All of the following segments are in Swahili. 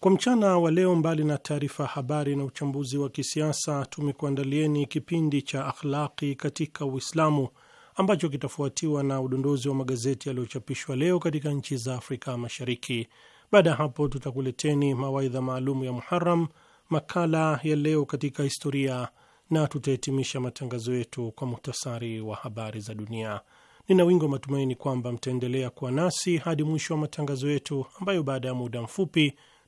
Kwa mchana wa leo, mbali na taarifa ya habari na uchambuzi wa kisiasa, tumekuandalieni kipindi cha akhlaqi katika Uislamu ambacho kitafuatiwa na udondozi wa magazeti yaliyochapishwa leo katika nchi za Afrika Mashariki. Baada ya hapo, tutakuleteni mawaidha maalum ya Muharam, makala ya leo katika historia, na tutahitimisha matangazo yetu kwa muhtasari wa habari za dunia. Nina wingi wa matumaini kwamba mtaendelea kuwa nasi hadi mwisho wa matangazo yetu ambayo baada ya muda mfupi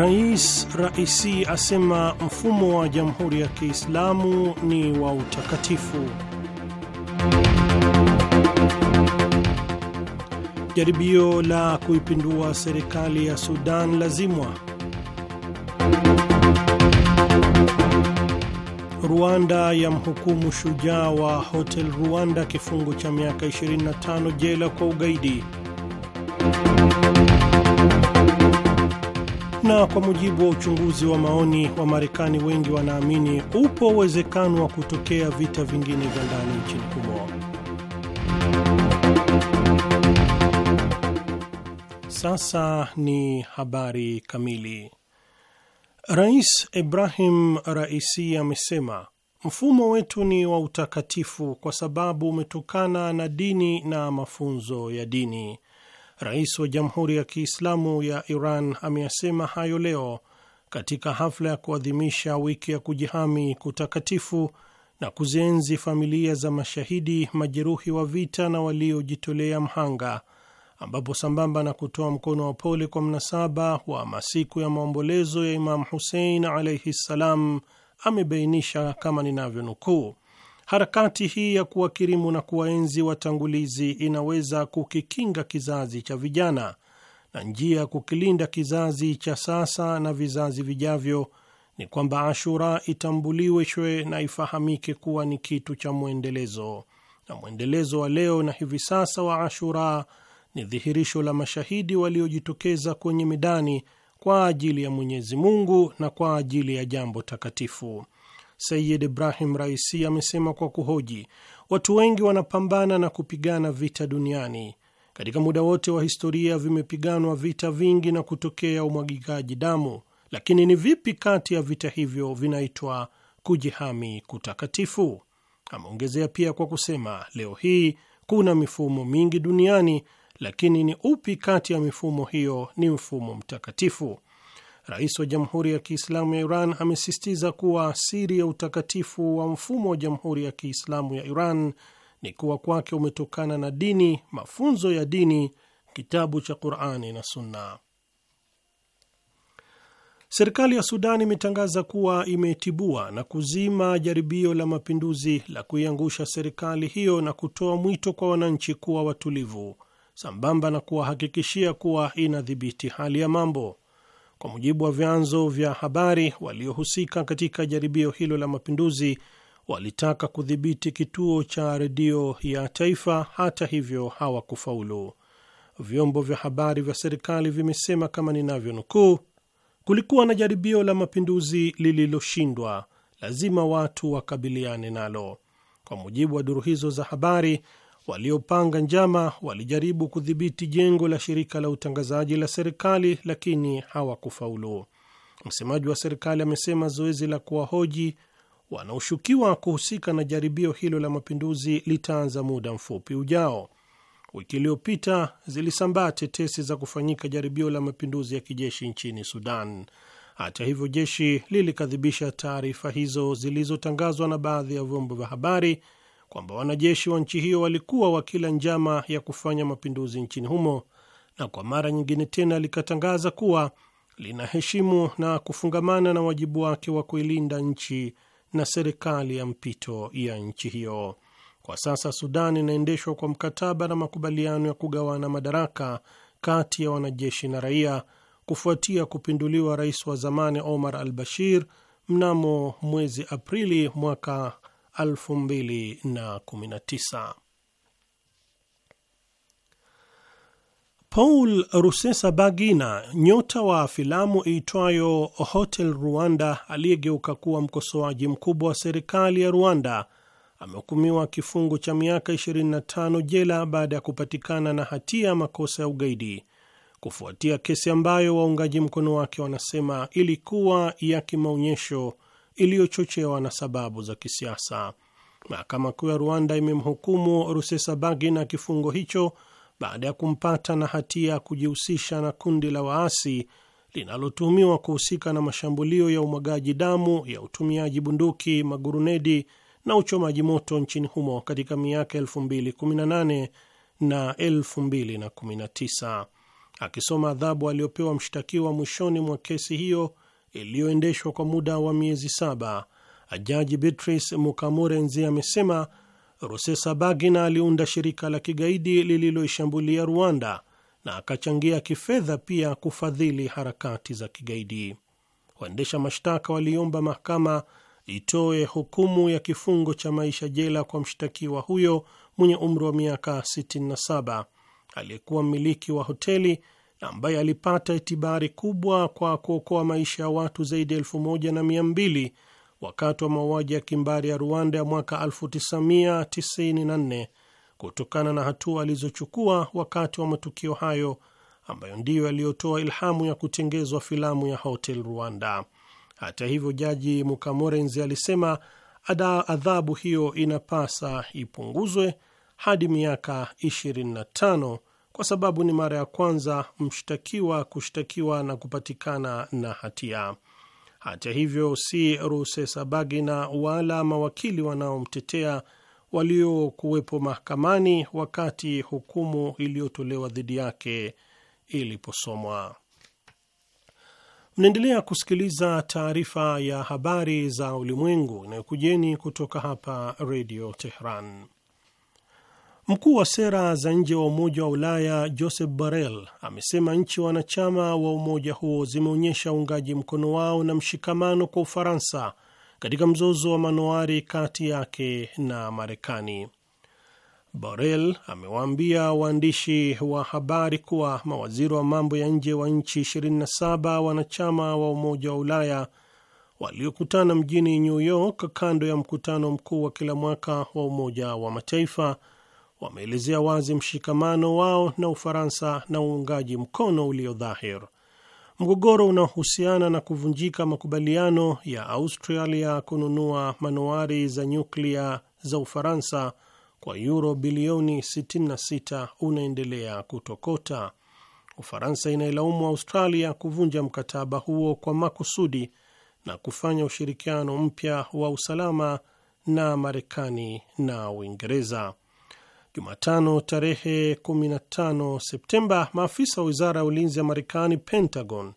Rais Raisi asema mfumo wa Jamhuri ya Kiislamu ni wa utakatifu. Jaribio la kuipindua serikali ya Sudan lazimwa. Rwanda ya mhukumu shujaa wa Hotel Rwanda kifungo cha miaka 25 jela kwa ugaidi. Na kwa mujibu wa uchunguzi wa maoni, wa marekani wengi wanaamini upo uwezekano wa kutokea vita vingine vya ndani nchini humo. Sasa ni habari kamili. Rais Ibrahim Raisi amesema mfumo wetu ni wa utakatifu kwa sababu umetokana na dini na mafunzo ya dini. Rais wa Jamhuri ya Kiislamu ya Iran ameyasema hayo leo katika hafla ya kuadhimisha wiki ya kujihami kutakatifu na kuzienzi familia za mashahidi, majeruhi wa vita na waliojitolea mhanga, ambapo sambamba na kutoa mkono wa pole kwa mnasaba wa masiku ya maombolezo ya Imamu Husein alaihi ssalam, amebainisha kama ninavyonukuu Harakati hii ya kuwakirimu na kuwaenzi watangulizi inaweza kukikinga kizazi cha vijana, na njia ya kukilinda kizazi cha sasa na vizazi vijavyo ni kwamba Ashura itambuliwe na ifahamike kuwa ni kitu cha mwendelezo, na mwendelezo wa leo na hivi sasa wa Ashura ni dhihirisho la mashahidi waliojitokeza kwenye midani kwa ajili ya Mwenyezi Mungu na kwa ajili ya jambo takatifu. Sayid Ibrahim Raisi amesema kwa kuhoji, watu wengi wanapambana na kupigana vita duniani. Katika muda wote wa historia vimepiganwa vita vingi na kutokea umwagikaji damu, lakini ni vipi kati ya vita hivyo vinaitwa kujihami kutakatifu? Ameongezea pia kwa kusema, leo hii kuna mifumo mingi duniani, lakini ni upi kati ya mifumo hiyo ni mfumo mtakatifu? Rais wa Jamhuri ya Kiislamu ya Iran amesisitiza kuwa siri ya utakatifu wa mfumo wa Jamhuri ya Kiislamu ya Iran ni kuwa kwake umetokana na dini, mafunzo ya dini, kitabu cha Qur'ani na Sunna. Serikali ya Sudan imetangaza kuwa imetibua na kuzima jaribio la mapinduzi la kuiangusha serikali hiyo na kutoa mwito kwa wananchi kuwa watulivu, sambamba na kuwahakikishia kuwa inadhibiti hali ya mambo. Kwa mujibu wa vyanzo vya habari, waliohusika katika jaribio hilo la mapinduzi walitaka kudhibiti kituo cha redio ya taifa. Hata hivyo, hawakufaulu. Vyombo vya habari vya serikali vimesema kama ninavyonukuu, kulikuwa na jaribio la mapinduzi lililoshindwa, lazima watu wakabiliane nalo. Kwa mujibu wa duru hizo za habari, waliopanga njama walijaribu kudhibiti jengo la shirika la utangazaji la serikali lakini hawakufaulu. Msemaji wa serikali amesema zoezi la kuwahoji wanaoshukiwa kuhusika na jaribio hilo la mapinduzi litaanza muda mfupi ujao. Wiki iliyopita zilisambaa tetesi za kufanyika jaribio la mapinduzi ya kijeshi nchini Sudan. Hata hivyo, jeshi lilikadhibisha taarifa hizo zilizotangazwa na baadhi ya vyombo vya habari kwamba wanajeshi wa nchi hiyo walikuwa wakila njama ya kufanya mapinduzi nchini humo, na kwa mara nyingine tena likatangaza kuwa linaheshimu na kufungamana na wajibu wake wa kuilinda nchi na serikali ya mpito ya nchi hiyo. Kwa sasa Sudan inaendeshwa kwa mkataba na makubaliano ya kugawana madaraka kati ya wanajeshi na raia kufuatia kupinduliwa rais wa zamani Omar al Bashir mnamo mwezi Aprili mwaka 2019. Paul Rusesabagina, nyota wa filamu iitwayo Hotel Rwanda, aliyegeuka kuwa mkosoaji mkubwa wa serikali ya Rwanda, amehukumiwa kifungo cha miaka 25 jela baada ya kupatikana na hatia ya makosa ya ugaidi kufuatia kesi ambayo waungaji mkono wake wanasema ilikuwa ya kimaonyesho iliyochochewa na sababu za kisiasa. Mahakama Kuu ya Rwanda imemhukumu Rusesabagina kifungo hicho baada ya kumpata na hatia ya kujihusisha na kundi la waasi linalotuhumiwa kuhusika na mashambulio ya umwagaji damu ya utumiaji bunduki, magurunedi na uchomaji moto nchini humo katika miaka 2018 na 2019. Akisoma adhabu aliyopewa mshtakiwa mwishoni mwa kesi hiyo, iliyoendeshwa kwa muda wa miezi saba, Jaji Beatrice Mukamurenzi amesema Rusesabagina aliunda shirika la kigaidi lililoishambulia Rwanda na akachangia kifedha pia kufadhili harakati za kigaidi. Waendesha mashtaka waliomba mahakama itoe hukumu ya kifungo cha maisha jela kwa mshtakiwa huyo mwenye umri wa miaka 67 aliyekuwa mmiliki wa hoteli ambaye alipata itibari kubwa kwa kuokoa maisha ya watu zaidi ya elfu moja na mia mbili wakati wa mauaji ya kimbari ya Rwanda ya mwaka 1994 kutokana na hatua alizochukua wakati wa matukio hayo ambayo ndiyo yaliyotoa ilhamu ya kutengezwa filamu ya Hotel Rwanda. Hata hivyo, Jaji mukamorenzi alisema adhabu hiyo inapasa ipunguzwe hadi miaka 25 kwa sababu ni mara ya kwanza mshtakiwa kushtakiwa na kupatikana na hatia. Hata hivyo, si Rusesabagina wala mawakili wanaomtetea waliokuwepo mahakamani wakati hukumu iliyotolewa dhidi yake iliposomwa. Mnaendelea kusikiliza taarifa ya habari za ulimwengu inayokujeni kutoka hapa Redio Tehran. Mkuu wa sera za nje wa Umoja wa Ulaya Joseph Borrell amesema nchi wanachama wa umoja huo zimeonyesha uungaji mkono wao na mshikamano kwa Ufaransa katika mzozo wa manowari kati yake na Marekani. Borrell amewaambia waandishi wa habari kuwa mawaziri wa mambo ya nje wa nchi 27 wanachama wa Umoja wa Ulaya waliokutana mjini New York kando ya mkutano mkuu wa kila mwaka wa Umoja wa Mataifa wameelezea wazi mshikamano wao na Ufaransa na uungaji mkono ulio dhahir. Mgogoro unaohusiana na kuvunjika makubaliano ya Australia kununua manowari za nyuklia za Ufaransa kwa yuro bilioni 66 unaendelea kutokota. Ufaransa inailaumu Australia kuvunja mkataba huo kwa makusudi na kufanya ushirikiano mpya wa usalama na Marekani na Uingereza. Jumatano tarehe 15 Septemba, maafisa wa wizara ya ulinzi ya Marekani, Pentagon,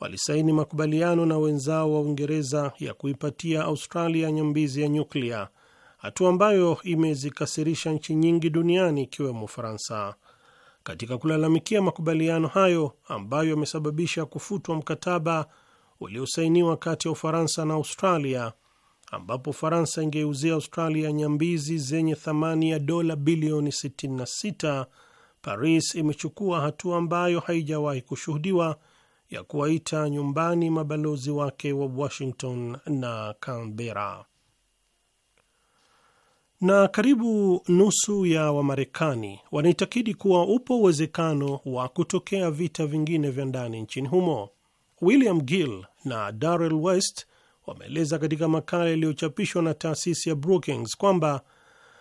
walisaini makubaliano na wenzao wa Uingereza ya kuipatia Australia nyambizi ya nyuklia, hatua ambayo imezikasirisha nchi nyingi duniani ikiwemo Ufaransa. Katika kulalamikia makubaliano hayo ambayo yamesababisha kufutwa mkataba uliosainiwa kati ya Ufaransa na Australia ambapo Faransa ingeuzia Australia nyambizi zenye thamani ya dola bilioni 66, Paris imechukua hatua ambayo haijawahi kushuhudiwa ya kuwaita nyumbani mabalozi wake wa Washington na Canberra. Na karibu nusu ya Wamarekani wanaitakidi kuwa upo uwezekano wa kutokea vita vingine vya ndani nchini humo. William Gill na Darrell West wameeleza katika makala yaliyochapishwa na taasisi ya Brookings kwamba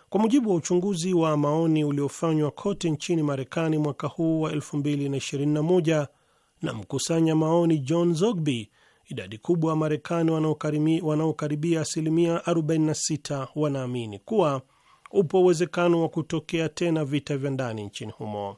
kwa mujibu wa uchunguzi wa maoni uliofanywa kote nchini Marekani mwaka huu wa 2021 na mkusanya maoni John Zogby, idadi kubwa ya Marekani wanaokaribia asilimia 46 wanaamini kuwa upo uwezekano wa kutokea tena vita vya ndani nchini humo.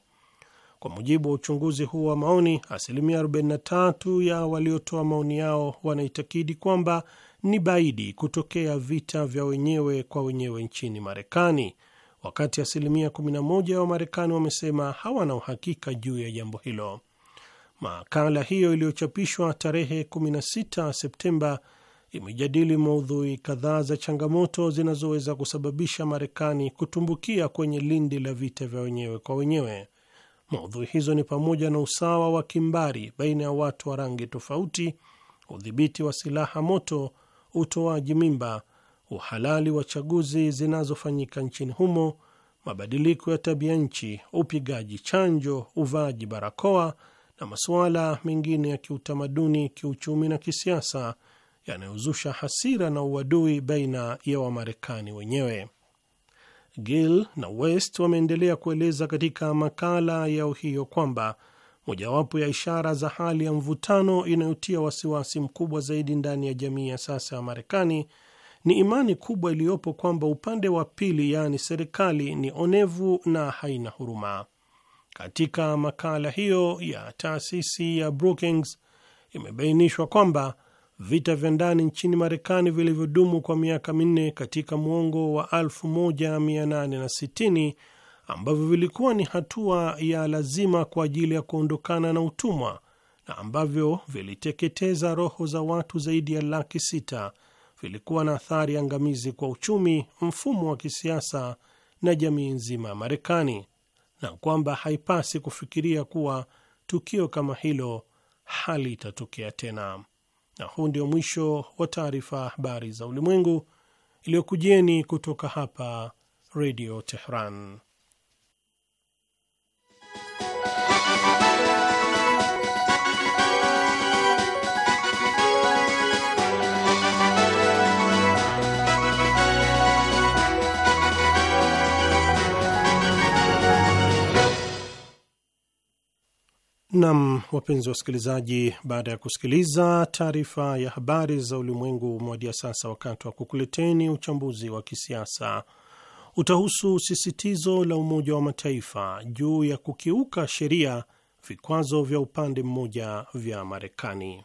Kwa mujibu wa uchunguzi huu wa maoni, asilimia 43 ya waliotoa maoni yao wanaitakidi kwamba ni baidi kutokea vita vya wenyewe kwa wenyewe nchini Marekani, wakati asilimia 11 ya Wamarekani wamesema hawana uhakika juu ya jambo hilo. Makala hiyo iliyochapishwa tarehe 16 Septemba imejadili maudhui kadhaa za changamoto zinazoweza kusababisha Marekani kutumbukia kwenye lindi la vita vya wenyewe kwa wenyewe. Maudhui hizo ni pamoja na usawa wa kimbari baina ya watu wa rangi tofauti, udhibiti wa silaha moto, utoaji mimba, uhalali wa chaguzi zinazofanyika nchini humo, mabadiliko ya tabia nchi, upigaji chanjo, uvaaji barakoa na masuala mengine ya kiutamaduni, kiuchumi na kisiasa yanayozusha hasira na uadui baina ya Wamarekani wenyewe. Gill na West wameendelea kueleza katika makala yao hiyo kwamba mojawapo ya ishara za hali ya mvutano inayotia wasiwasi mkubwa zaidi ndani ya jamii ya sasa ya Marekani ni imani kubwa iliyopo kwamba upande wa pili, yaani serikali, ni onevu na haina huruma. Katika makala hiyo ya taasisi ya Brookings imebainishwa kwamba Vita vya ndani nchini Marekani vilivyodumu kwa miaka minne katika mwongo wa 1860 ambavyo vilikuwa ni hatua ya lazima kwa ajili ya kuondokana na utumwa na ambavyo viliteketeza roho za watu zaidi ya laki sita vilikuwa na athari angamizi kwa uchumi, mfumo wa kisiasa na jamii nzima ya Marekani, na kwamba haipasi kufikiria kuwa tukio kama hilo halitatokea tena. Na huu ndio mwisho wa taarifa habari za ulimwengu iliyokujieni kutoka hapa Redio Tehran. Nam, wapenzi wasikilizaji, baada ya kusikiliza taarifa ya habari za ulimwengu mmoja, sasa wakati wa kukuleteni uchambuzi wa kisiasa utahusu sisitizo la Umoja wa Mataifa juu ya kukiuka sheria, vikwazo vya upande mmoja vya Marekani.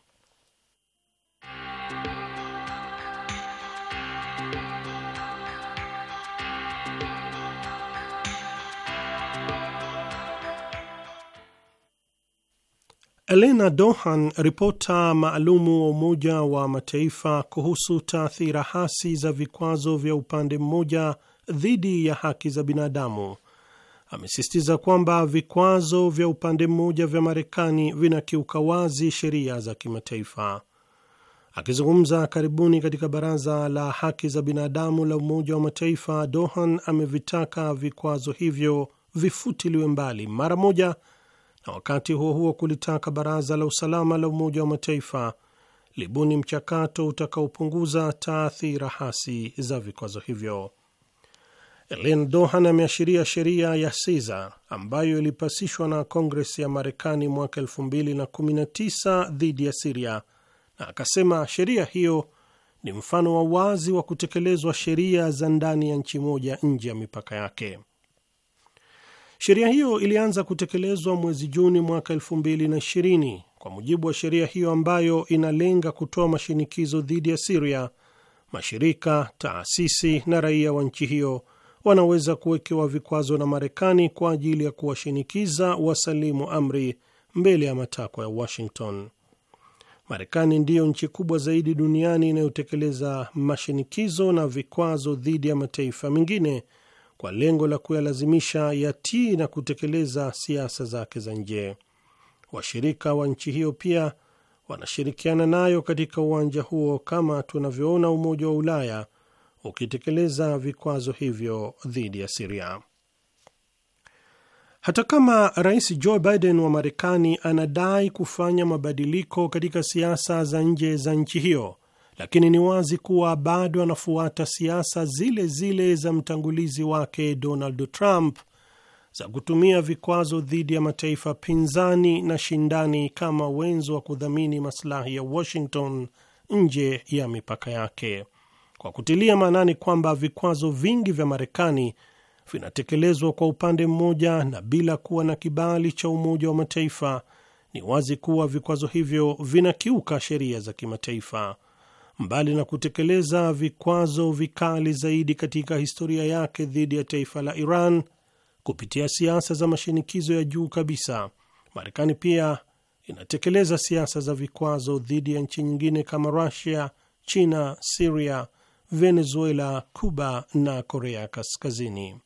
Elena Dohan, ripota maalumu wa Umoja wa Mataifa kuhusu taathira hasi za vikwazo vya upande mmoja dhidi ya haki za binadamu, amesisitiza kwamba vikwazo vya upande mmoja vya Marekani vinakiuka wazi sheria za kimataifa. Akizungumza karibuni katika Baraza la Haki za Binadamu la Umoja wa Mataifa, Dohan amevitaka vikwazo hivyo vifutiliwe mbali mara moja na wakati huo huo kulitaka Baraza la Usalama la Umoja wa Mataifa libuni mchakato utakaopunguza taathira hasi za vikwazo hivyo. Elen Dohan ameashiria sheria ya Siza ambayo ilipasishwa na Kongres ya Marekani mwaka 2019 dhidi ya Siria, na akasema sheria hiyo ni mfano wa wazi wa kutekelezwa sheria za ndani ya nchi moja nje ya mipaka yake. Sheria hiyo ilianza kutekelezwa mwezi Juni mwaka ishirini. Kwa mujibu wa sheria hiyo ambayo inalenga kutoa mashinikizo dhidi ya Siria, mashirika, taasisi na raia wa nchi hiyo wanaweza kuwekewa vikwazo na Marekani kwa ajili ya kuwashinikiza wasalimu amri mbele ya matakwa ya Washington. Marekani ndiyo nchi kubwa zaidi duniani inayotekeleza mashinikizo na vikwazo dhidi ya mataifa mengine kwa lengo la kuyalazimisha yatii na kutekeleza siasa zake za nje. Washirika wa nchi hiyo pia wanashirikiana nayo katika uwanja huo, kama tunavyoona Umoja wa Ulaya ukitekeleza vikwazo hivyo dhidi ya Siria. Hata kama Rais Joe Biden wa Marekani anadai kufanya mabadiliko katika siasa za nje za nchi hiyo lakini ni wazi kuwa bado anafuata siasa zile zile za mtangulizi wake Donald Trump za kutumia vikwazo dhidi ya mataifa pinzani na shindani kama wenzo wa kudhamini maslahi ya Washington nje ya mipaka yake, kwa kutilia maanani kwamba vikwazo vingi vya Marekani vinatekelezwa kwa upande mmoja na bila kuwa na kibali cha Umoja wa Mataifa. Ni wazi kuwa vikwazo hivyo vinakiuka sheria za kimataifa mbali na kutekeleza vikwazo vikali zaidi katika historia yake dhidi ya taifa la Iran kupitia siasa za mashinikizo ya juu kabisa, Marekani pia inatekeleza siasa za vikwazo dhidi ya nchi nyingine kama Rusia, China, Siria, Venezuela, Cuba na Korea Kaskazini.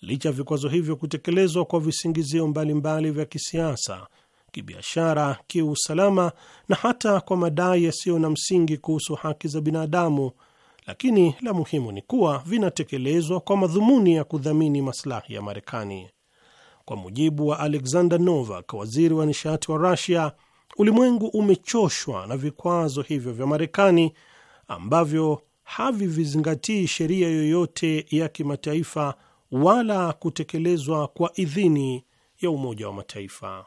Licha ya vikwazo hivyo kutekelezwa kwa visingizio mbalimbali mbali vya kisiasa kibiashara, kiusalama na hata kwa madai yasiyo na msingi kuhusu haki za binadamu, lakini la muhimu ni kuwa vinatekelezwa kwa madhumuni ya kudhamini maslahi ya Marekani. Kwa mujibu wa Alexander Novak, waziri wa nishati wa Rusia, ulimwengu umechoshwa na vikwazo hivyo vya Marekani ambavyo havivizingatii sheria yoyote ya kimataifa wala kutekelezwa kwa idhini ya Umoja wa Mataifa.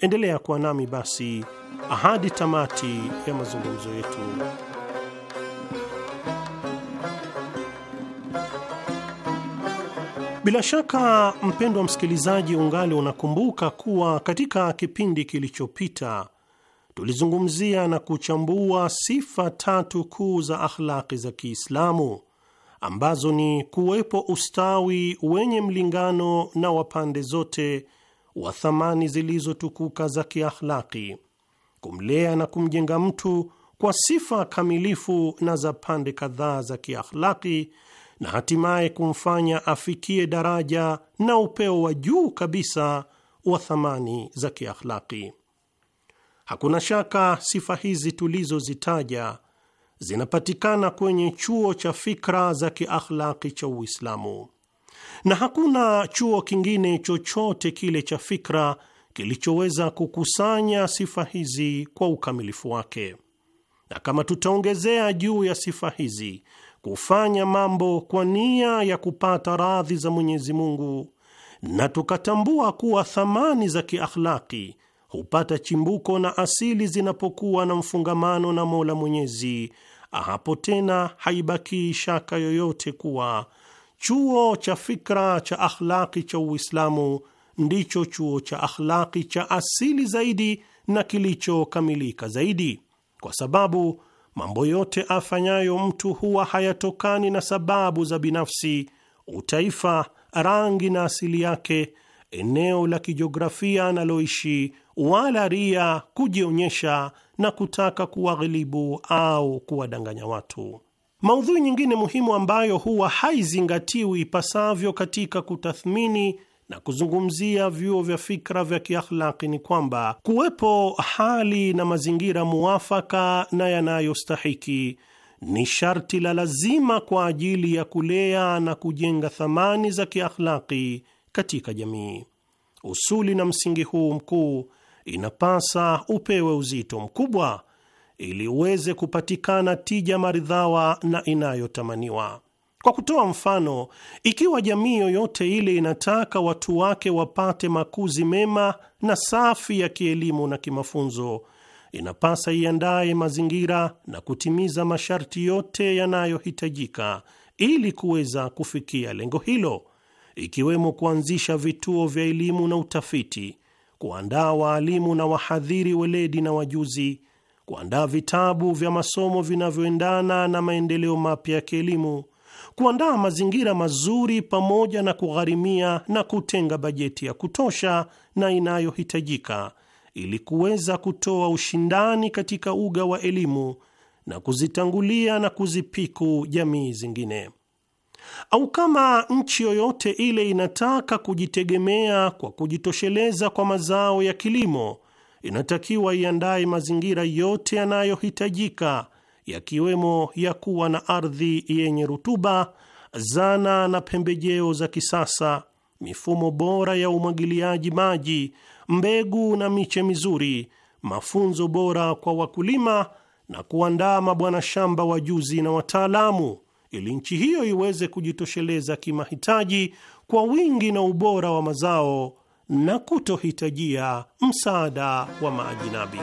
Endelea kuwa nami basi hadi tamati ya mazungumzo yetu. Bila shaka mpendwa msikilizaji, ungali unakumbuka kuwa katika kipindi kilichopita tulizungumzia na kuchambua sifa tatu kuu za akhlaki za Kiislamu ambazo ni kuwepo ustawi wenye mlingano na wa pande zote wa thamani zilizotukuka za kiakhlaki, kumlea na kumjenga mtu kwa sifa kamilifu na za pande kadhaa za kiakhlaki, na hatimaye kumfanya afikie daraja na upeo wa juu kabisa wa thamani za kiakhlaki. Hakuna shaka sifa hizi tulizozitaja zinapatikana kwenye chuo cha fikra za kiakhlaki cha Uislamu na hakuna chuo kingine chochote kile cha fikra kilichoweza kukusanya sifa hizi kwa ukamilifu wake. Na kama tutaongezea juu ya sifa hizi kufanya mambo kwa nia ya kupata radhi za Mwenyezi Mungu na tukatambua kuwa thamani za kiakhlaki hupata chimbuko na asili zinapokuwa na mfungamano na Mola Mwenyezi, hapo tena haibakii shaka yoyote kuwa Chuo cha fikra cha akhlaqi cha Uislamu ndicho chuo cha akhlaqi cha asili zaidi na kilichokamilika zaidi, kwa sababu mambo yote afanyayo mtu huwa hayatokani na sababu za binafsi, utaifa, rangi na asili yake, eneo la kijiografia analoishi, wala ria, kujionyesha na kutaka kuwaghilibu au kuwadanganya watu. Maudhui nyingine muhimu ambayo huwa haizingatiwi ipasavyo katika kutathmini na kuzungumzia vyuo vya fikra vya kiakhlaki ni kwamba kuwepo hali na mazingira muwafaka na yanayostahiki ni sharti la lazima kwa ajili ya kulea na kujenga thamani za kiakhlaki katika jamii. Usuli na msingi huu mkuu inapasa upewe uzito mkubwa ili uweze kupatikana tija maridhawa na inayotamaniwa. Kwa kutoa mfano, ikiwa jamii yoyote ile inataka watu wake wapate makuzi mema na safi ya kielimu na kimafunzo, inapasa iandaye mazingira na kutimiza masharti yote yanayohitajika ili kuweza kufikia lengo hilo, ikiwemo kuanzisha vituo vya elimu na utafiti, kuandaa waalimu na wahadhiri weledi na wajuzi kuandaa vitabu vya masomo vinavyoendana na maendeleo mapya ya kielimu, kuandaa mazingira mazuri, pamoja na kugharimia na kutenga bajeti ya kutosha na inayohitajika ili kuweza kutoa ushindani katika uga wa elimu na kuzitangulia na kuzipiku jamii zingine. Au kama nchi yoyote ile inataka kujitegemea kwa kujitosheleza kwa mazao ya kilimo inatakiwa iandae mazingira yote yanayohitajika yakiwemo ya kuwa na ardhi yenye rutuba, zana na pembejeo za kisasa, mifumo bora ya umwagiliaji maji, mbegu na miche mizuri, mafunzo bora kwa wakulima na kuandaa mabwana shamba wajuzi na wataalamu, ili nchi hiyo iweze kujitosheleza kimahitaji kwa wingi na ubora wa mazao na kutohitajia msaada wa maajinabi.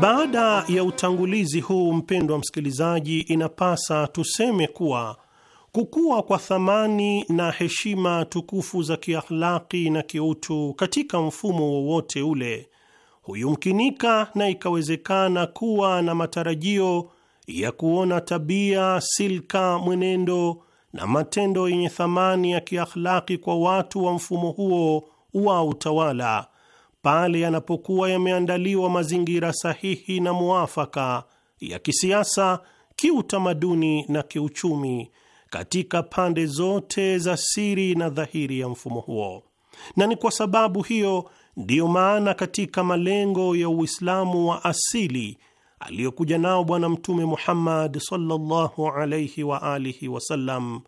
Baada ya utangulizi huu, mpendwa msikilizaji, inapasa tuseme kuwa kukua kwa thamani na heshima tukufu za kiakhlaki na kiutu katika mfumo wowote ule huyumkinika na ikawezekana kuwa na matarajio ya kuona tabia, silka, mwenendo na matendo yenye thamani ya kiakhlaki kwa watu wa mfumo huo wa utawala pale yanapokuwa yameandaliwa mazingira sahihi na muafaka ya kisiasa, kiutamaduni na kiuchumi katika pande zote za siri na dhahiri ya mfumo huo. Na ni kwa sababu hiyo Ndiyo maana katika malengo ya Uislamu wa asili aliyokuja nao Bwana Mtume Muhammad sallallahu wa alihi wasallam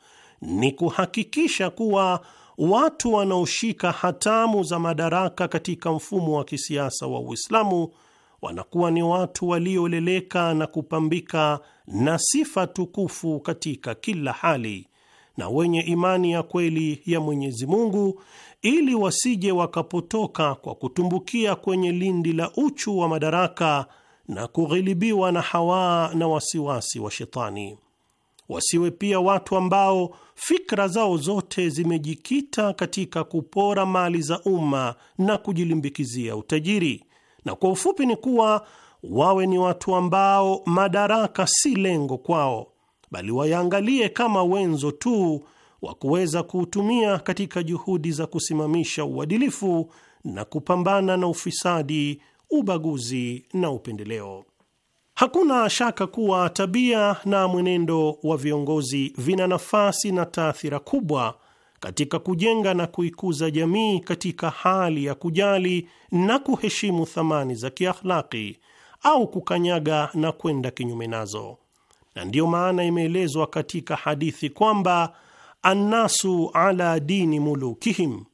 ni kuhakikisha kuwa watu wanaoshika hatamu za madaraka katika mfumo wa kisiasa wa Uislamu wanakuwa ni watu walioleleka na kupambika na sifa tukufu katika kila hali na wenye imani ya kweli ya Mwenyezi Mungu ili wasije wakapotoka kwa kutumbukia kwenye lindi la uchu wa madaraka na kughilibiwa na hawaa na wasiwasi wa shetani. Wasiwe pia watu ambao fikra zao zote zimejikita katika kupora mali za umma na kujilimbikizia utajiri. Na kwa ufupi ni kuwa wawe ni watu ambao madaraka si lengo kwao, bali wayaangalie kama wenzo tu wa kuweza kuutumia katika juhudi za kusimamisha uadilifu na kupambana na ufisadi, ubaguzi na upendeleo. Hakuna shaka kuwa tabia na mwenendo wa viongozi vina nafasi na taathira kubwa katika kujenga na kuikuza jamii katika hali ya kujali na kuheshimu thamani za kiakhlaki au kukanyaga na kwenda kinyume nazo, na ndiyo maana imeelezwa katika hadithi kwamba annasu ala dini mulukihim,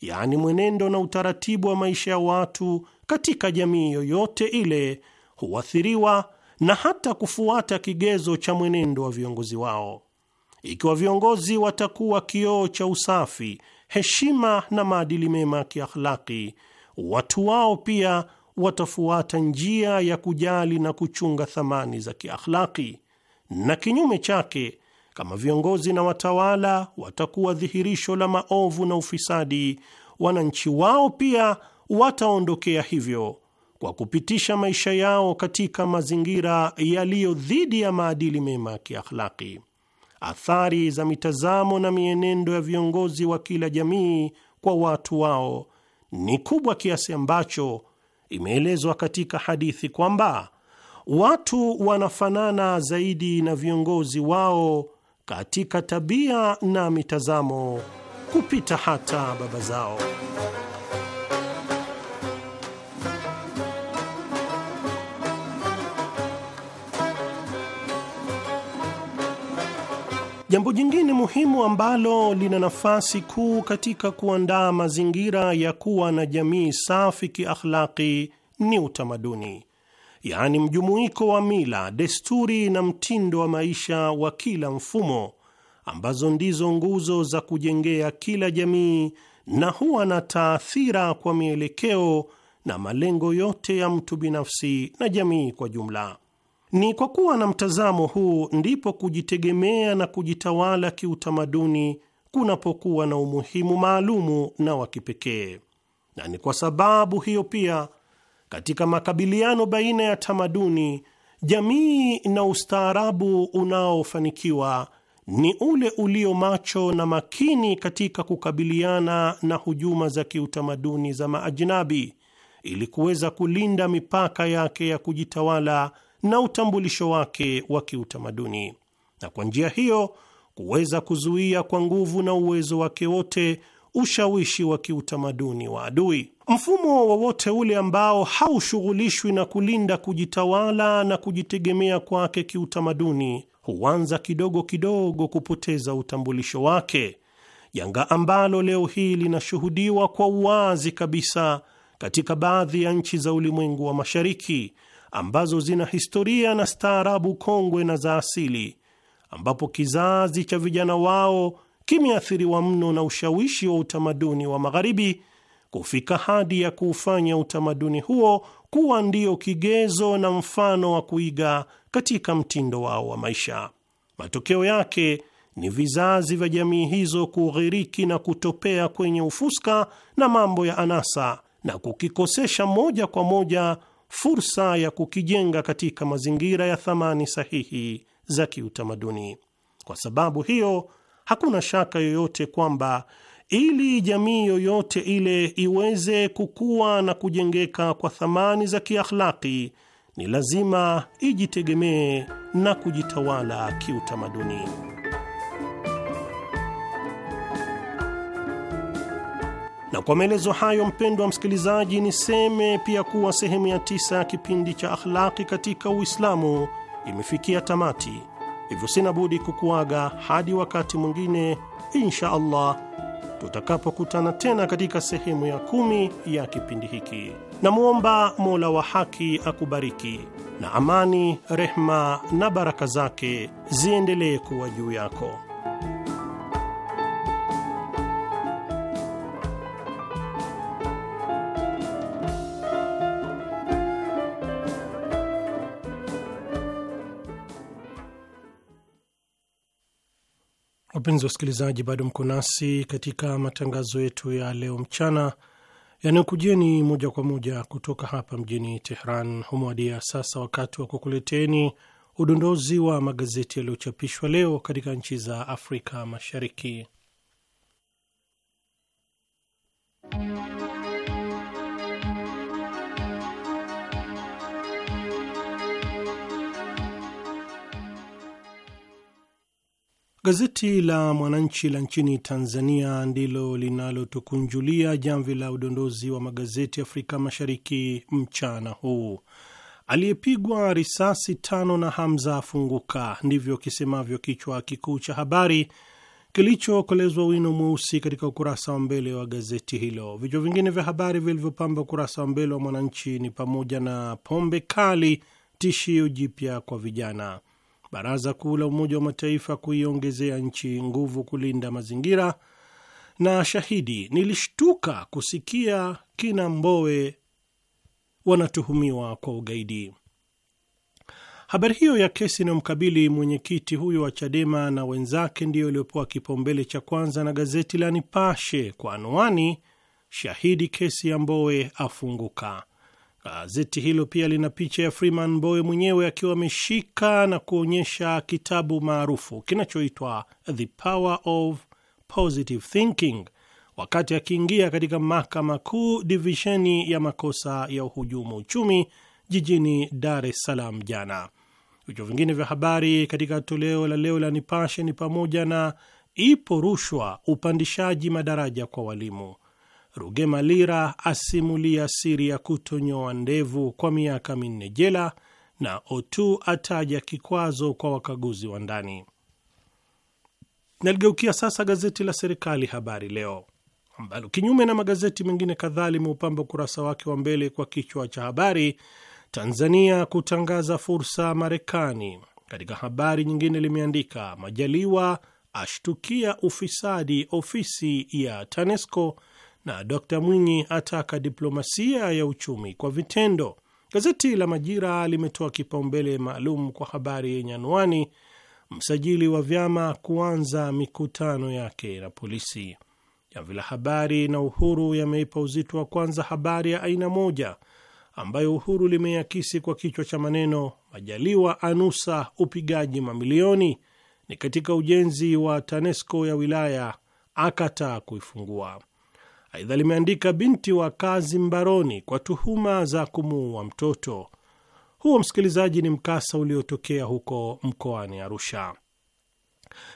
yani mwenendo na utaratibu wa maisha ya watu katika jamii yoyote ile huathiriwa na hata kufuata kigezo cha mwenendo wa viongozi wao. Ikiwa viongozi watakuwa kioo cha usafi, heshima na maadili mema ya kiakhlaki, watu wao pia watafuata njia ya kujali na kuchunga thamani za kiakhlaki, na kinyume chake kama viongozi na watawala watakuwa dhihirisho la maovu na ufisadi, wananchi wao pia wataondokea hivyo kwa kupitisha maisha yao katika mazingira yaliyo dhidi ya maadili mema ya kiakhlaki. Athari za mitazamo na mienendo ya viongozi wa kila jamii kwa watu wao ni kubwa kiasi ambacho imeelezwa katika hadithi kwamba watu wanafanana zaidi na viongozi wao katika tabia na mitazamo kupita hata baba zao. Jambo jingine muhimu ambalo lina nafasi kuu katika kuandaa mazingira ya kuwa na jamii safi kiakhlaki ni utamaduni yaani mjumuiko wa mila, desturi na mtindo wa maisha wa kila mfumo, ambazo ndizo nguzo za kujengea kila jamii na huwa na taathira kwa mielekeo na malengo yote ya mtu binafsi na jamii kwa jumla. Ni kwa kuwa na mtazamo huu ndipo kujitegemea na kujitawala kiutamaduni kunapokuwa na umuhimu maalumu na wa kipekee, na ni kwa sababu hiyo pia katika makabiliano baina ya tamaduni, jamii na ustaarabu unaofanikiwa ni ule ulio macho na makini katika kukabiliana na hujuma za kiutamaduni za maajinabi ili kuweza kulinda mipaka yake ya kujitawala na utambulisho wake wa kiutamaduni, na kwa njia hiyo kuweza kuzuia kwa nguvu na uwezo wake wote ushawishi wa kiutamaduni wa adui. Mfumo wowote ule ambao haushughulishwi na kulinda kujitawala na kujitegemea kwake kiutamaduni huanza kidogo kidogo kupoteza utambulisho wake, janga ambalo leo hii linashuhudiwa kwa uwazi kabisa katika baadhi ya nchi za ulimwengu wa Mashariki ambazo zina historia na staarabu kongwe na za asili, ambapo kizazi cha vijana wao kimeathiriwa mno na ushawishi wa utamaduni wa Magharibi kufika hadi ya kuufanya utamaduni huo kuwa ndio kigezo na mfano wa kuiga katika mtindo wao wa maisha. Matokeo yake ni vizazi vya jamii hizo kughiriki na kutopea kwenye ufuska na mambo ya anasa na kukikosesha moja kwa moja fursa ya kukijenga katika mazingira ya thamani sahihi za kiutamaduni. Kwa sababu hiyo Hakuna shaka yoyote kwamba ili jamii yoyote ile iweze kukua na kujengeka kwa thamani za kiakhlaki, ni lazima ijitegemee na kujitawala kiutamaduni. Na kwa maelezo hayo, mpendwa msikilizaji, niseme pia kuwa sehemu ya tisa ya kipindi cha Akhlaki katika Uislamu imefikia tamati. Hivyo sina budi kukuaga hadi wakati mwingine, insha Allah tutakapokutana tena katika sehemu ya kumi ya kipindi hiki. Namwomba Mola wa haki akubariki, na amani, rehma na baraka zake ziendelee kuwa juu yako. Wapenzi wasikilizaji, bado mko nasi katika matangazo yetu ya leo mchana yanayokujeni moja kwa moja kutoka hapa mjini Tehran. Humewadia sasa wakati wa kukuleteni udondozi wa magazeti yaliyochapishwa leo katika nchi za Afrika Mashariki. Gazeti la Mwananchi la nchini Tanzania ndilo linalotukunjulia jamvi la udondozi wa magazeti Afrika Mashariki mchana huu. Aliyepigwa risasi tano na Hamza afunguka, ndivyo kisemavyo kichwa kikuu cha habari kilichokolezwa wino mweusi katika ukurasa wa mbele wa gazeti hilo. Vichwa vingine vya habari vilivyopamba ukurasa wa mbele wa Mwananchi ni pamoja na pombe kali tishio jipya kwa vijana Baraza Kuu la Umoja wa Mataifa kuiongezea nchi nguvu kulinda mazingira na shahidi. Nilishtuka kusikia kina Mbowe wanatuhumiwa kwa ugaidi. Habari hiyo ya kesi inayomkabili mwenyekiti huyo wa Chadema na wenzake ndiyo iliyopewa kipaumbele cha kwanza na gazeti la Nipashe kwa anwani, shahidi kesi ya Mbowe afunguka. Gazeti hilo pia lina picha ya Freeman Mbowe mwenyewe akiwa ameshika na kuonyesha kitabu maarufu kinachoitwa The Power of Positive Thinking wakati akiingia katika mahakama kuu divisheni ya makosa ya uhujumu uchumi jijini Dar es Salaam jana. Vichwa vingine vya habari katika toleo la leo la Nipashe ni pamoja na ipo rushwa upandishaji madaraja kwa walimu Rugema Lira asimulia siri ya kutonyoa ndevu kwa miaka minne jela, na otu ataja kikwazo kwa wakaguzi wa ndani. Naligeukia sasa gazeti la serikali Habari Leo ambalo kinyume na magazeti mengine kadhaa limeupamba ukurasa wake wa mbele kwa kichwa cha habari, Tanzania kutangaza fursa Marekani. Katika habari nyingine limeandika Majaliwa ashtukia ufisadi ofisi ya TANESCO na Dkt Mwinyi ataka diplomasia ya uchumi kwa vitendo. Gazeti la Majira limetoa kipaumbele maalum kwa habari yenye anwani msajili wa vyama kuanza mikutano yake na polisi. Jamvi la Habari na Uhuru yameipa uzito wa kwanza habari ya aina moja ambayo Uhuru limeiakisi kwa kichwa cha maneno Majaliwa anusa upigaji mamilioni ni katika ujenzi wa TANESCO ya wilaya akataa kuifungua. Aidha limeandika binti wa kazi mbaroni kwa tuhuma za kumuua mtoto. Huo msikilizaji, ni mkasa uliotokea huko mkoani Arusha.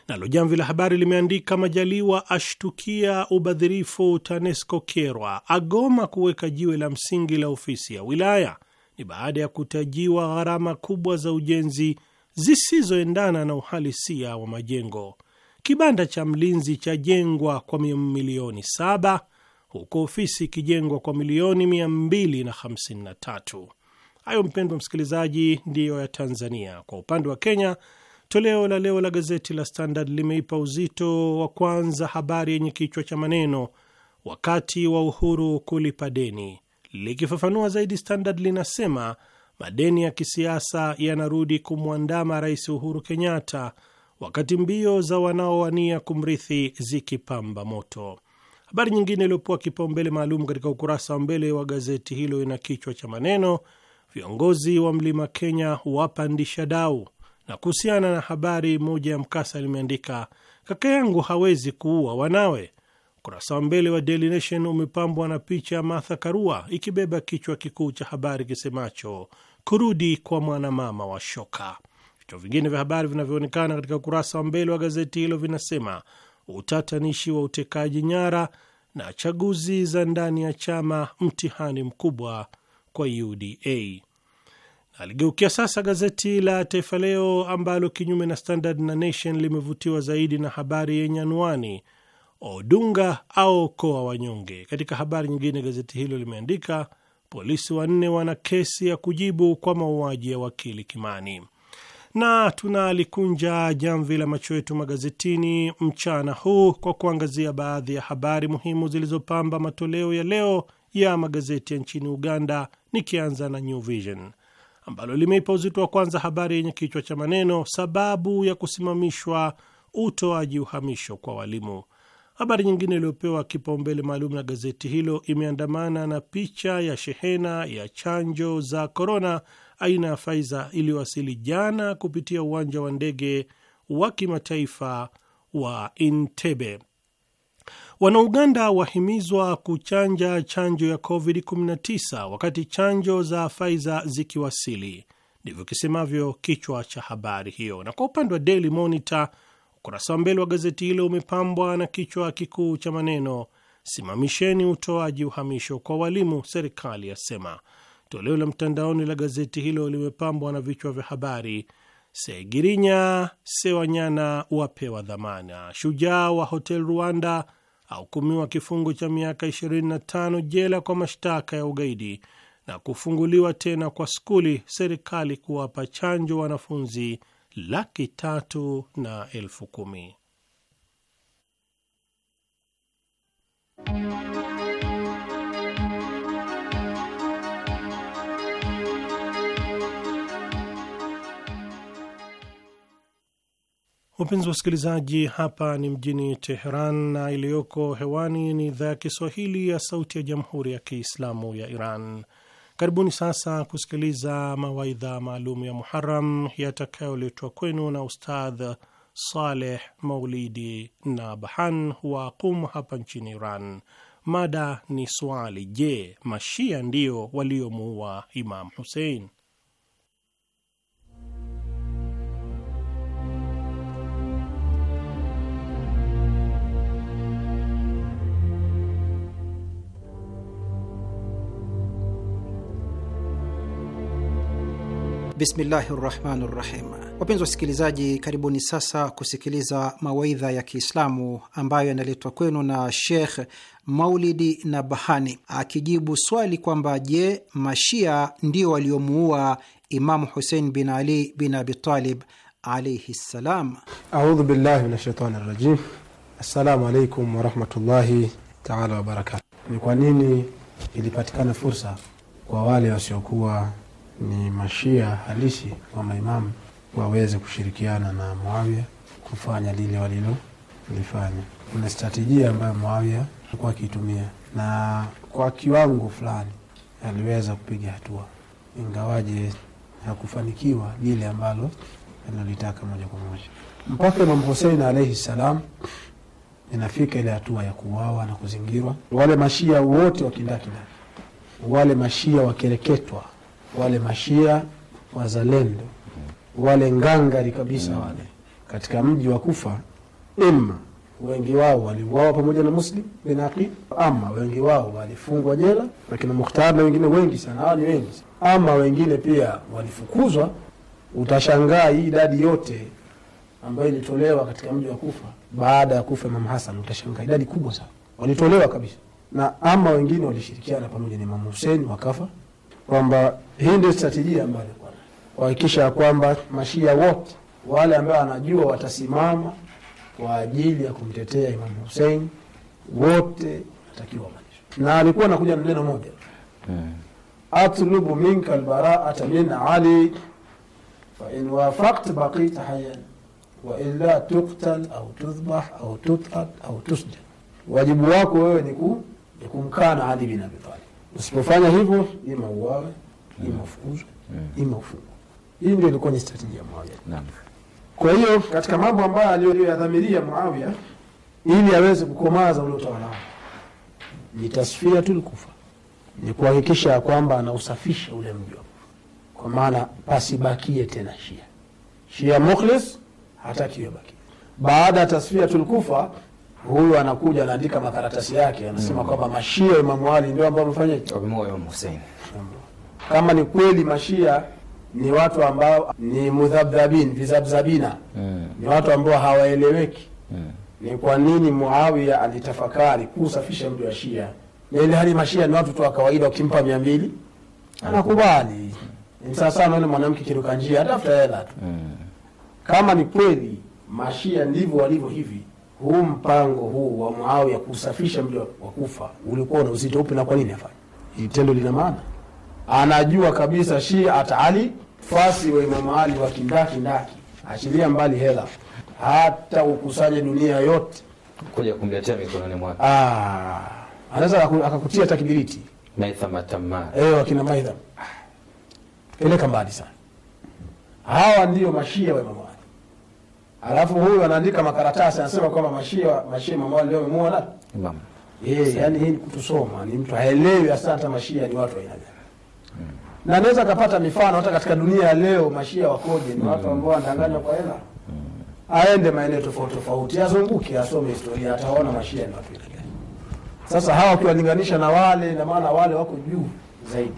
Nalo Jamvi la Habari limeandika Majaliwa ashtukia ubadhirifu TANESCO Kerwa, agoma kuweka jiwe la msingi la ofisi ya wilaya. Ni baada ya kutajiwa gharama kubwa za ujenzi zisizoendana na uhalisia wa majengo. Kibanda cha mlinzi chajengwa kwa milioni saba huku ofisi ikijengwa kwa milioni 253. Hayo mpendwa msikilizaji, ndiyo ya Tanzania. Kwa upande wa Kenya, toleo la leo la gazeti la Standard limeipa uzito wa kwanza habari yenye kichwa cha maneno wakati wa Uhuru kulipa deni. Likifafanua zaidi, Standard linasema madeni ya kisiasa yanarudi kumwandama Rais Uhuru Kenyatta wakati mbio za wanaowania kumrithi zikipamba moto. Habari nyingine iliyopewa kipaumbele maalum katika ukurasa wa mbele wa gazeti hilo ina kichwa cha maneno viongozi wa mlima Kenya wapandisha dau, na kuhusiana na habari moja ya mkasa limeandika kaka yangu hawezi kuua wanawe. Ukurasa wa mbele wa Daily Nation umepambwa na picha ya Martha Karua ikibeba kichwa kikuu cha habari kisemacho kurudi kwa mwanamama wa shoka. Vichwa vingine vya habari vinavyoonekana katika ukurasa wa mbele wa gazeti hilo vinasema utatanishi wa utekaji nyara na chaguzi za ndani ya chama, mtihani mkubwa kwa UDA. Aligeukia sasa gazeti la Taifa Leo ambalo kinyume na Standard na Nation limevutiwa zaidi na habari yenye anwani Odunga au koa wanyonge. Katika habari nyingine, gazeti hilo limeandika polisi wanne wana kesi ya kujibu kwa mauaji ya wakili Kimani na tunalikunja jamvi la macho yetu magazetini mchana huu kwa kuangazia baadhi ya habari muhimu zilizopamba matoleo ya leo ya magazeti ya nchini Uganda, nikianza na New Vision ambalo limeipa uzito wa kwanza habari yenye kichwa cha maneno sababu ya kusimamishwa utoaji uhamisho kwa walimu. Habari nyingine iliyopewa kipaumbele maalum na gazeti hilo imeandamana na picha ya shehena ya chanjo za korona aina ya Faiza iliyowasili jana kupitia uwanja wa ndege wa kimataifa wa Entebbe. Wanauganda wahimizwa kuchanja chanjo ya COVID-19 wakati chanjo za Pfizer zikiwasili, ndivyo kisemavyo kichwa cha habari hiyo. Na kwa upande wa Daily Monitor, ukurasa wa mbele wa gazeti hilo umepambwa na kichwa kikuu cha maneno, simamisheni utoaji uhamisho kwa walimu, serikali yasema. Toleo la mtandaoni la gazeti hilo limepambwa na vichwa vya habari: Segirinya Sewanyana wapewa dhamana, shujaa wa Hotel Rwanda ahukumiwa kifungo cha miaka 25 jela kwa mashtaka ya ugaidi, na kufunguliwa tena kwa skuli, serikali kuwapa chanjo wanafunzi laki tatu na elfu kumi. Wapenzi wasikilizaji, hapa ni mjini Teheran na iliyoko hewani ni idhaa ya Kiswahili ya Sauti ya Jamhuri ya Kiislamu ya Iran. Karibuni sasa kusikiliza mawaidha maalum ya Muharam yatakayoletwa kwenu na Ustadh Saleh Maulidi na Bahan wa Qum hapa nchini Iran. Mada ni swali: Je, Mashia ndio waliomuua Imam Husein? Bismillahi rahmani rahim. Wapenzi wasikilizaji, karibuni sasa kusikiliza mawaidha ya Kiislamu ambayo yanaletwa kwenu na Shekh Maulidi na Bahani akijibu swali kwamba je, mashia ndio waliomuua Imamu Husein bin Ali bin Abitalib alaihi ssalam. Audhu billahi min shaitani rajim. Assalamu alaikum warahmatullahi taala wabarakatu. Ni kwa nini ilipatikana fursa kwa wale wasiokuwa ni mashia halisi wa maimamu waweze kushirikiana na Muawia kufanya lile walilolifanya. Kuna strategia ambayo Muawia alikuwa akiitumia na kwa kiwango fulani aliweza kupiga hatua, ingawaje hakufanikiwa lile ambalo alilolitaka moja kwa moja. Mpaka Imam Husein alaihi ssalam inafika ile hatua ya kuuawa na kuzingirwa, wale mashia wote wakindakida, wale mashia wakereketwa wale mashia wazalendo wale ngangari kabisa mm. wale katika mji wa Kufa, ima wengi wao waliuawa pamoja na Muslim bin Aqil, ama wengi wao walifungwa jela lakini kina Mukhtar na wengine wengi sana, hawa ni wengi, ama wengine pia walifukuzwa. Utashangaa hii idadi yote ambayo ilitolewa katika mji wa Kufa baada ya kufa Imam Hasan, utashangaa idadi kubwa sana walitolewa kabisa, na ama wengine walishirikiana pamoja na Imam husein wakafa kwamba hii ndio strategia ambayo kuhakikisha ya kwamba mashia wote wale ambao wanajua watasimama kwa ajili ya kumtetea Imam Hussein wote watakiwa na alikuwa anakuja na neno moja hmm. atlubu minka albaraata min ali fain wafakta bakita hayan waila tuktal au tudhbah au tutad au tusjad, wajibu wako wewe ni kumkaa Ali bin Abi Talib. Usipofanya hivyo, ima uawe, ima ufukuzwe, ima ufungwe. Hii ndio ilikuwa ni strategia ya Muawiya. Kwa hiyo katika mambo ambayo aliyoyadhamiria Muawiya ili aweze kukomaza ule utawala wake ni tasfia tulkufa, ni kuhakikisha ya kwamba anausafisha ule mji, kwa maana pasibakie tena Shia. Shia mukhlis hataki iyobakie. Baada ya tasfia tulkufa huyu anakuja anaandika makaratasi yake anasema mm. kwamba mashia Imamu Ali ndio ambao wamefanya kama ni kweli mashia ni watu ambao ni mudhabdhabin vizabzabina mm. ni watu ambao hawaeleweki mm. ni kwa nini Muawiya alitafakari kusafisha mji wa Shia na ile hali mashia ni watu tu wa kawaida, wakimpa mia mbili anakubali. Ni sawa sana mwanamke kiruka njia, atafuta hela tu. mm. Kama ni kweli mashia ndivyo walivyo hivi, huu mpango huu wa Muawiya kusafisha mji wa Kufa ulikuwa na uzito upi na kwa nini afanye? Hili tendo lina maana. Anajua kabisa shi Ali fasi wa Imamu Ali wa ndaki, achilia mbali hela, hata ukusanye dunia yote kuja kumletea mikononi mwake. Ah, anaweza akakutia hata kibiriti Maitham eh, akina Maitham peleka mbali sana. Hawa ndio mashia wa Imamu Alafu huyu anaandika makaratasi anasema kwamba Mashia Mashia mama leo muona. Naam. Eh, yani hii kutusoma ni mtu haelewi hasa hata Mashia ni watu aina gani. Mm. Na anaweza kapata mifano hata katika dunia ya leo Mashia wakoje ni watu ambao wanadanganywa kwa hela. Aende maeneo tofauti tofauti, azunguke, asome historia, ataona Mashia ni watu gani. Sasa hawa ukiwalinganisha na wale, na maana wale wako juu zaidi.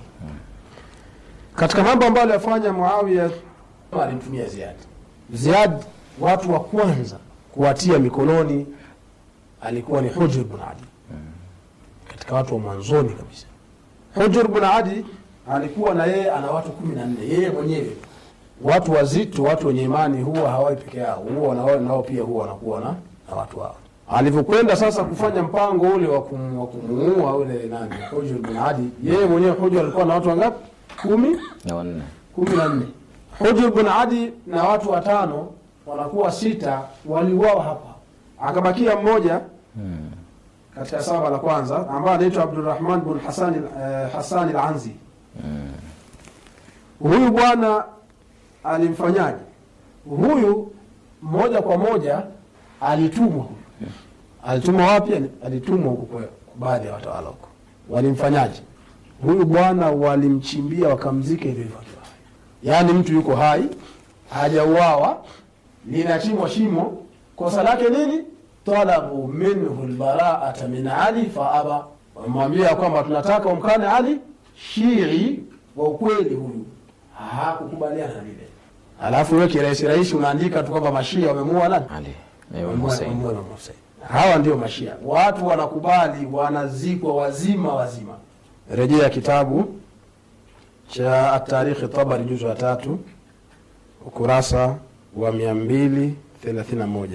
Katika mambo ambayo aliyofanya Muawiya alimtumia ziadi ziadi watu wa kwanza kuwatia mikononi alikuwa ni Hujr bin Adi katika watu wa mwanzoni kabisa. Hujr bin Adi alikuwa na yeye ana watu kumi na nne yeye mwenyewe. Watu wazito, watu wenye imani huwa hawai peke yao, huwa wanawao nao pia huwa wanakuwa na, na watu wao. Alivyokwenda sasa kufanya mpango ule wa kumuua ule nani Hujr bin Adi, yeye mwenyewe Hujr alikuwa na watu wangapi? kumi na wanne, kumi na nne. Hujr bin Adi na watu watano wanakuwa sita waliuawa hapa, akabakia mmoja hmm. katika saba la kwanza ambaye anaitwa abdurahman bun Hasan uh, Hasan hmm. huyu bwana alimfanyaje huyu? Moja kwa moja alitumwa huyu, alitumwa wapya Alitumwa huku kwa baadhi ya watawala huko. Walimfanyaje huyu bwana? Walimchimbia wakamzika hivyo hivyo, yaani mtu yuko hai hajauawa linachimwa shimo kosa lake nini? Talabu minhu lbaraata min Ali faaba, wamwambia kwamba tunataka umkane Ali. Shii wa ukweli huyu hakukubaliana vile. Alafu we kirahisi rahisi unaandika tu kwamba mashia wamemua nani? Hawa ndio mashia, watu wanakubali, wanazikwa wazima wazima. Rejea kitabu cha Atarikhi Tabari juzu ya tatu ukurasa wa 231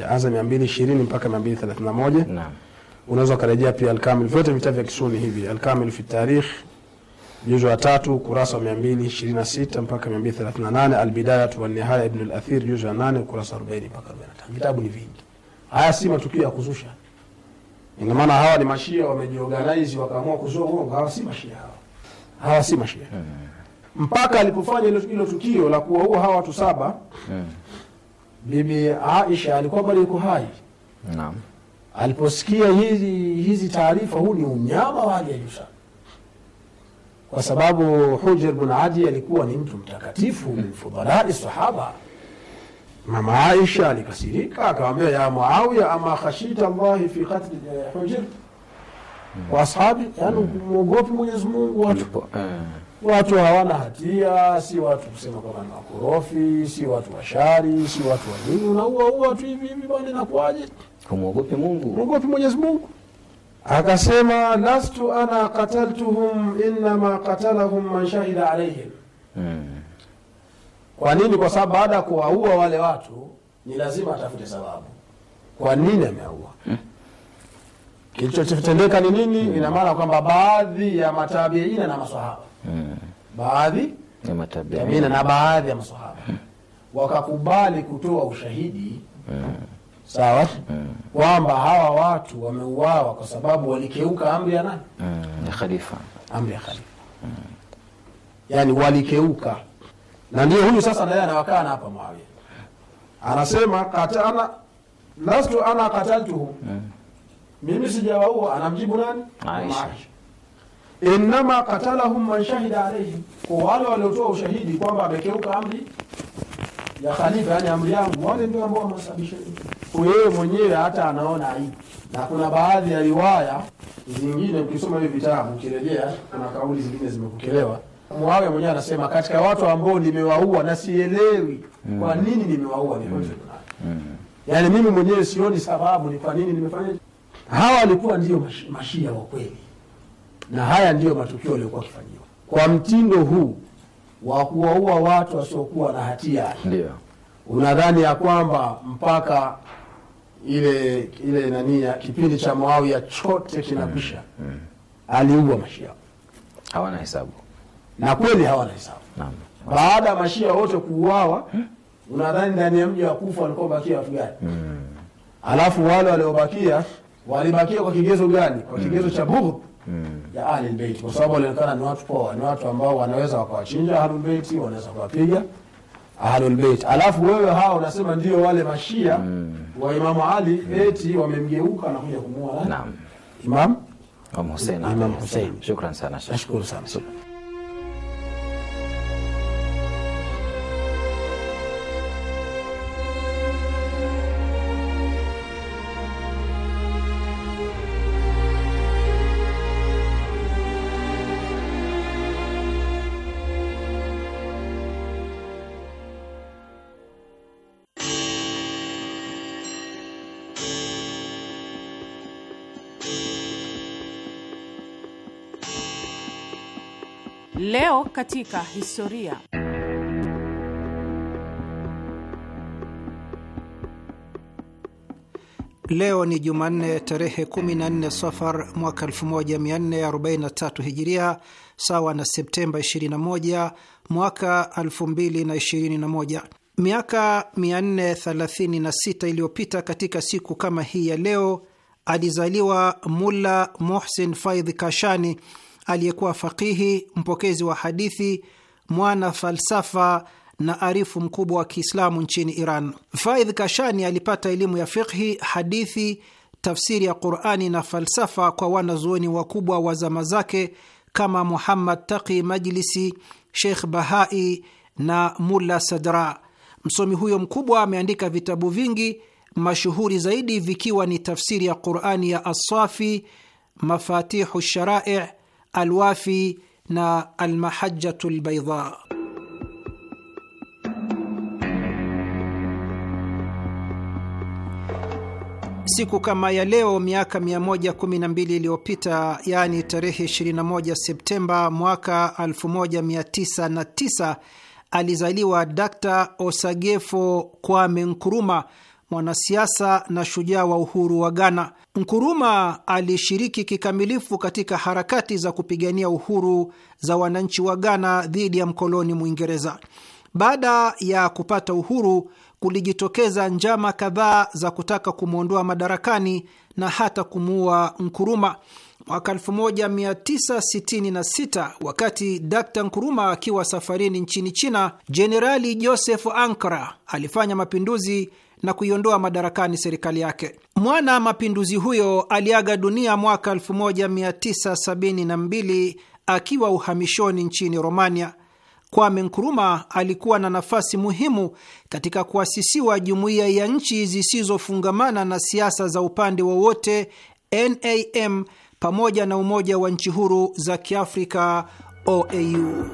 anza 220 mpaka 231. Naam, unaweza ukarejea pia Alkamil, vyote vitabu vya Kisuni hivi, Alkamil fi Tarikh juzu wa tatu ukurasa wa 226 mpaka 238, Albidayatu wan Nihaya Ibn al-Athir juzu ya 8 ukurasa 40 mpaka 45. Vitabu ni vingi, haya si matukio ya kuzusha. Ina maana hawa ni mashia wamejiorganize, wakaamua kuzua uongo. Hawa si mashia, hawa hawa si mashia hmm. mpaka alipofanya ilo tukio la kuwaua hawa watu saba hmm. Bibi Aisha alikuwa bado yuko hai. Naam. Aliposikia hizi, hizi taarifa, huu ni unyama wa hali ya juu sana, kwa sababu Hujr bin Adi alikuwa ni mtu mtakatifu min fudhalai sahaba. Mama Aisha alikasirika akamwambia, ya Muawiya, ama khashita Allahi fi qatli eh, Hujr kwa ashabi, yani kumwogopi mm. Mwenyezi Mungu watu eh watu hawana hatia, si watu kusema kwamba ni wakorofi, si watu washari, si watu wa nini. Unaua ua tu hivi hivi bwana, inakuaje? Kumwogope Mungu, muogope Mwenyezi Mungu. Akasema, lastu ana kataltuhum innama katalahum man shahida alaihim. Hmm. Kwa nini? Kwa sababu baada ya kuwaua wale watu ni lazima atafute sababu kwa nini ameua. Hmm. Kilichotendeka ni nini? Ina maana kwamba baadhi ya matabiina na maswahaba Hmm. baadhi baadhi matabiina na baadhi ya masahaba hmm. wakakubali kutoa ushahidi mm. sawa mm. kwamba hawa watu wameuawa kwa sababu walikeuka amri ya nani? Mm. ya khalifa, amri ya khalifa mm. yani walikeuka, na ndio huyu sasa naye anawakana hapa Muawiya anasema katana lastu ana kataltuhu mm. mimi sijawaua, anamjibu nani? Aisha innama katalahum man shahida alayhi, kwa wale waliotoa ushahidi kwamba amekeuka amri ya khalifa, yani amri yangu, wale ndio ambao wamesababisha yeye mwenyewe hata anaona aibu. Na kuna baadhi ya riwaya zingine, ukisoma hivi vitabu ukirejea, kuna kauli zingine zimepokelewa Muawiya mwenyewe anasema katika watu ambao nimewaua na sielewi mm. kwa nini nimewaua ni mm. mm. yaani mimi mwenyewe sioni sababu ni kwa nini nimefanya. Hawa walikuwa ndio mashia wa kweli na haya ndiyo matukio yaliyokuwa akifanyiwa kwa mtindo huu wa kuwaua watu wasiokuwa na hatia. Ndio unadhani ya kwamba mpaka ile ile nani kipindi cha Muawiya chote kinakwisha? mm, mm. Aliua mashia hawana hesabu, na kweli hawana hesabu. Naam, baada ya mashia wote kuuawa, unadhani ndani ya mji wa Kufa walikuwa bakia watu gani? mm. Alafu wale waliobakia walibakia kwa kigezo gani? Kwa mm. kigezo mm. cha bughd ya Ahlul kwa sababu walionekana ni watu poa, ni watu ambao wanaweza wakawachinja Ahlul wanaweza kuwapiga Ahlul Alafu wewe hawa unasema ndio wale mashia mm. wa Imamu Ali mm. eti wamemgeuka na kuja kumuua Naam. Imam Imam Hussein. Imam Hussein. Shukran sana. Nashukuru sana. Leo katika historia. Leo ni Jumanne tarehe 14 Safar mwaka 1443 Hijiria, sawa na Septemba 21 mwaka 2021. Miaka 436 iliyopita katika siku kama hii ya leo alizaliwa Mulla Muhsin Faidh Kashani, aliyekuwa fakihi, mpokezi wa hadithi, mwana falsafa na arifu mkubwa wa Kiislamu nchini Iran. Faidh Kashani alipata elimu ya fikhi, hadithi, tafsiri ya Qurani na falsafa kwa wanazuoni wakubwa wa zama zake kama Muhammad Taqi Majlisi, Sheikh Bahai na Mulla Sadra. Msomi huyo mkubwa ameandika vitabu vingi mashuhuri zaidi vikiwa ni tafsiri ya Qurani ya Assafi, Mafatihu Sharai Alwafi na Almahajatu Lbaidha. Siku kama ya leo miaka 112 iliyopita, yaani tarehe 21 Septemba mwaka 1909 alizaliwa Dr. Osagefo Kwame Nkuruma, mwanasiasa na shujaa wa uhuru wa Ghana. Nkuruma alishiriki kikamilifu katika harakati za kupigania uhuru za wananchi wa Ghana dhidi ya mkoloni Mwingereza. Baada ya kupata uhuru, kulijitokeza njama kadhaa za kutaka kumwondoa madarakani na hata kumuua Nkuruma. Mwaka 1966 wakati Dr Nkuruma akiwa safarini nchini China, Jenerali Joseph Ankara alifanya mapinduzi na kuiondoa madarakani serikali yake. Mwana mapinduzi huyo aliaga dunia mwaka 1972 akiwa uhamishoni nchini Romania. Kwame Nkuruma alikuwa na nafasi muhimu katika kuasisiwa jumuiya ya nchi zisizofungamana na siasa za upande wowote NAM pamoja na umoja wa nchi huru za Kiafrika OAU.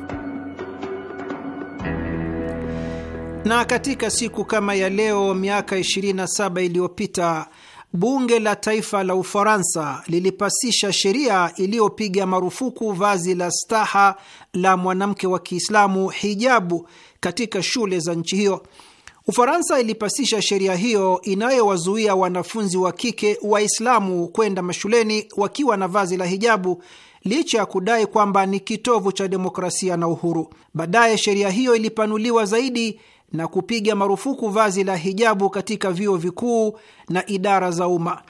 Na katika siku kama ya leo miaka 27 iliyopita bunge la taifa la Ufaransa lilipasisha sheria iliyopiga marufuku vazi la staha la mwanamke wa Kiislamu, hijabu, katika shule za nchi hiyo. Ufaransa ilipasisha sheria hiyo inayowazuia wanafunzi wa kike Waislamu kwenda mashuleni wakiwa na vazi la hijabu licha ya kudai kwamba ni kitovu cha demokrasia na uhuru. Baadaye sheria hiyo ilipanuliwa zaidi na kupiga marufuku vazi la hijabu katika vyuo vikuu na idara za umma.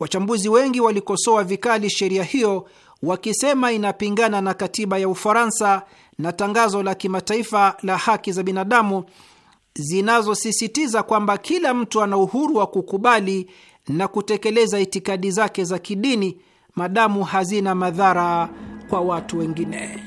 Wachambuzi wengi walikosoa vikali sheria hiyo wakisema inapingana na katiba ya Ufaransa na tangazo la kimataifa la haki za binadamu zinazosisitiza kwamba kila mtu ana uhuru wa kukubali na kutekeleza itikadi zake za kidini madamu hazina madhara kwa watu wengine.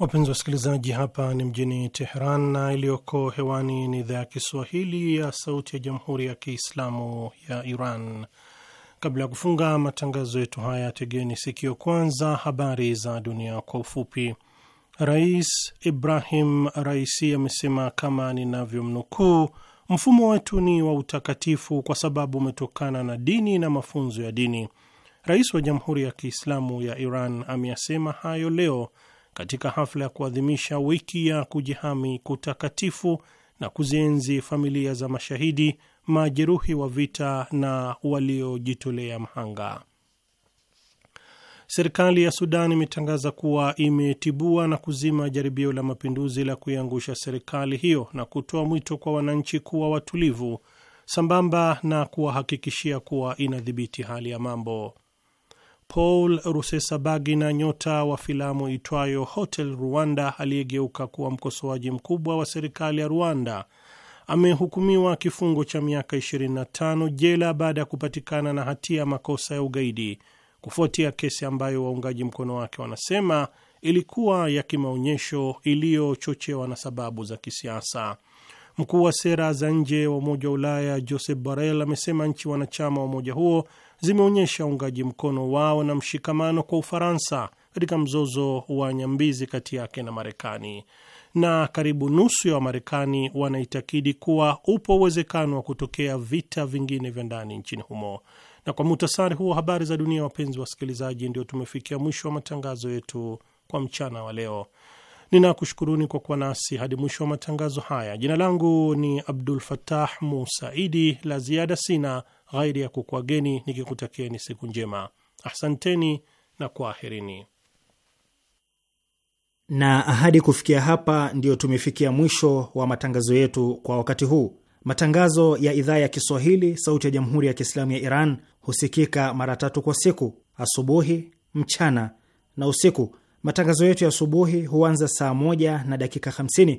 Wapenzi wasikilizaji, hapa ni mjini Teheran na iliyoko hewani ni idhaa ya Kiswahili ya Sauti ya Jamhuri ya Kiislamu ya Iran. Kabla ya kufunga matangazo yetu haya, tegeni sikio kwanza habari za dunia kwa ufupi. Rais Ibrahim Raisi amesema kama ninavyomnukuu, mfumo wetu ni wa utakatifu kwa sababu umetokana na dini na mafunzo ya dini. Rais wa Jamhuri ya Kiislamu ya Iran ameyasema hayo leo katika hafla ya kuadhimisha wiki ya kujihami kutakatifu na kuzienzi familia za mashahidi, majeruhi wa vita na waliojitolea mhanga. Serikali ya Sudan imetangaza kuwa imetibua na kuzima jaribio la mapinduzi la kuiangusha serikali hiyo na kutoa mwito kwa wananchi kuwa watulivu, sambamba na kuwahakikishia kuwa inadhibiti hali ya mambo. Paul Rusesabagina, nyota wa filamu itwayo Hotel Rwanda, aliyegeuka kuwa mkosoaji mkubwa wa serikali ya Rwanda, amehukumiwa kifungo cha miaka 25 jela baada ya kupatikana na hatia ya makosa ya ugaidi kufuatia kesi ambayo waungaji mkono wake wanasema ilikuwa ya kimaonyesho iliyochochewa na sababu za kisiasa. Mkuu wa sera za nje wa Umoja wa Ulaya Josep Borrell amesema nchi wanachama wa umoja huo zimeonyesha uungaji mkono wao na mshikamano kwa Ufaransa katika mzozo wa nyambizi kati yake na Marekani, na karibu nusu ya Wamarekani wanaitakidi kuwa upo uwezekano wa kutokea vita vingine vya ndani nchini humo. Na kwa muhtasari huo habari za dunia, wapenzi wasikilizaji, ndio tumefikia mwisho wa matangazo yetu kwa mchana wa leo. Ninakushukuruni kwa kuwa nasi hadi mwisho wa matangazo haya. Jina langu ni Abdul Fatah Musaidi, la ziada sina ghairi ya kukwageni nikikutakieni siku njema. Ahsanteni na kwaherini. Na ahadi kufikia hapa, ndiyo tumefikia mwisho wa matangazo yetu kwa wakati huu. Matangazo ya idhaa ya Kiswahili sauti ya jamhuri ya Kiislamu ya Iran husikika mara tatu kwa siku: asubuhi, mchana na usiku. Matangazo yetu ya asubuhi huanza saa moja na dakika 50